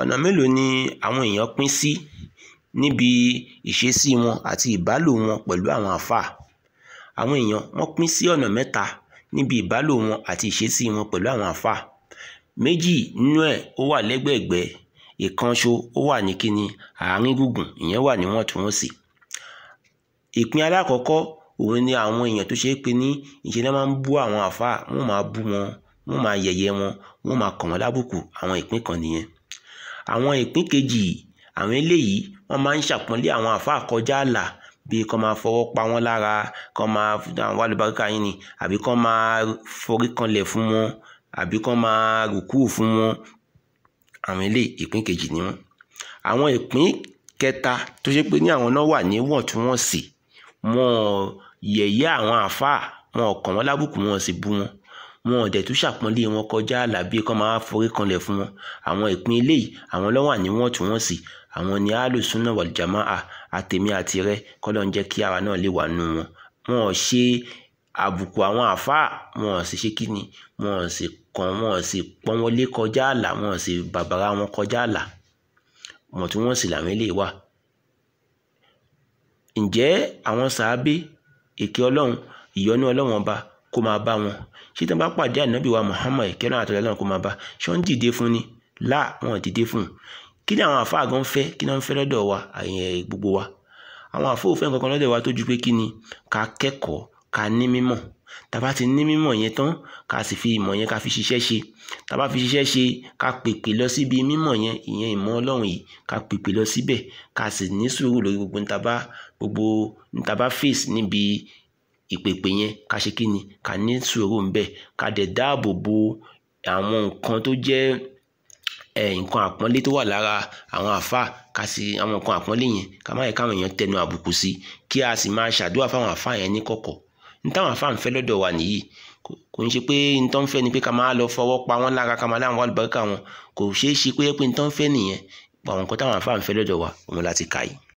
ọ̀nà mélòó ni àwọn èèyàn pín sí níbi ìṣesí wọn àti ìbálò wọn pẹ̀lú àwọn àfáà àwọn èèyàn wọ́n pín sí ọ̀nà mẹ́ta níbi ìbálò wọn àti ìṣesí wọn pẹ̀lú àwọn àfáà méjì nínú ẹ̀ ó wà lẹ́gbẹ̀ẹ́gbẹ́ ìkanṣo ó wà ní kíni àárín gùngùn ìyẹn wà níwọ̀ntúnwọ̀nsì ìpín alákọ̀ọ́kọ́ òun ni àwọn èèyàn tó ṣe é pe ní ìṣẹ̀lẹ̀ máa ń bú àwọn àfáà wọ́n máa bú wọn wọ́n máa yẹ̀yẹ́ wọn wọ́n máa kàn wọ́n lábùkù àwọn ìpín kan nìyẹn àwọn ìpín kejì àwọn eléyìí wọ́n máa ń ṣàpọ́nlé àwọn àfáà kọjá àlà bí kọ́ máa fọwọ́ pa wọ́n lára kọ́ máa àwọn alùbáríkà yín ni àbí kọ́ máa forí kanlẹ̀ fún wọn àbí kọ́ máa rùkú fún wọn àwọn eléyìí ìpín kejì ni wọ́n àwọn ìpín kẹta tó ṣe pé ní àwọn náà wà ní wọ̀ntúnwọ̀nsì wọn yẹ̀yẹ́ àwọn àfáà wọn kàn wọ́n lábùkù wọn sì bú wọn wọn ò dẹ̀ tún ṣàpọ́nlé wọn kọjá ààlà bíi kán máa forí kanlẹ̀ fún wọn àwọn ìpín eléyìí àwọn ló wà níwọ̀ntúnwọ̀nsì àwọn ni alùsùnà wàlùjàmá à àtèmi àti rẹ kọ́lọ́ ń jẹ́ kí ara náà lè wà nù wọn wọn ò ṣe àbùkù àwọn àfáà wọn ò sì ṣe kí ni wọn ò sì kàn wọn ò sì pọ́n wọn lé kọjá ààlà wọn ò sì bàbàrà wọn kọjá ààlà wọ̀ntúnwọ̀nsì làwọn eléyìí wà ǹjẹ́ àwọn sàábé èké ọlọ́run ìyọ́nú ọlọ́run ọba kó máa bá wọn ṣé tí wọ́n bá pàdé ànábì wa Muhammad kẹrìn àtọlẹ Ọlọ́run kó máa bá ṣé wọ́n dìde fún ni là wọ́n dìde fún kí ni àwọn àfáà gan fẹ́ kí ni wọ́n fẹ́ lọ́dọ̀ wa àyẹn gbogbo wa àwọn àfóòfẹ́ nǹkan kan lọ́dọ̀ wa tó ju pé kí ni ká kẹ́kọ̀ọ́ ká ní mímọ̀ tàbá ti ní mímọ̀ yẹn tán ká sì fi ìmọ̀ yẹn ká fi ṣiṣẹ́ ṣe tàbá fi ṣiṣẹ́ ṣe ká pèpè lọ síbi mímọ̀ yẹn ìyẹn ìmọ̀ ọlọ́run yìí ká pèpè lọ síbẹ̀ ká sì ní sùúrù lórí gbogbo ntàbá gbogbo ntàbá face níbi ìpèpè yẹn ká ṣe kí ni ká ní sùúrù ń bẹ̀ ká dẹ̀ dáàbò bo àwọn nǹkan tó jẹ́ nǹkan àpọ́nlé tó wà lára àwọn àfa ká sì àwọn nǹkan àpọ́nlé yẹn ká má yẹ káwọn èèyàn tẹnu àbùkù sí kí a sì máa ṣàdúrà fáwọn àfa yẹn ní kọ̀kọ̀ táwọn àfa ń fẹ́ lọ́dọ̀ wa nìyí kò ń ṣe pé n tó ń fẹ́ ni pé ká máa lọ fọwọ́ pa wọ́n lára ká máa láwọn wà lùbáríkà wọn kò ṣeé ṣe pé pé n tó ń fẹ́ nìyẹn àwọn nǹkan táwọn àfa ń fẹ́ lọ́dọ̀ wa òun láti kà yìí.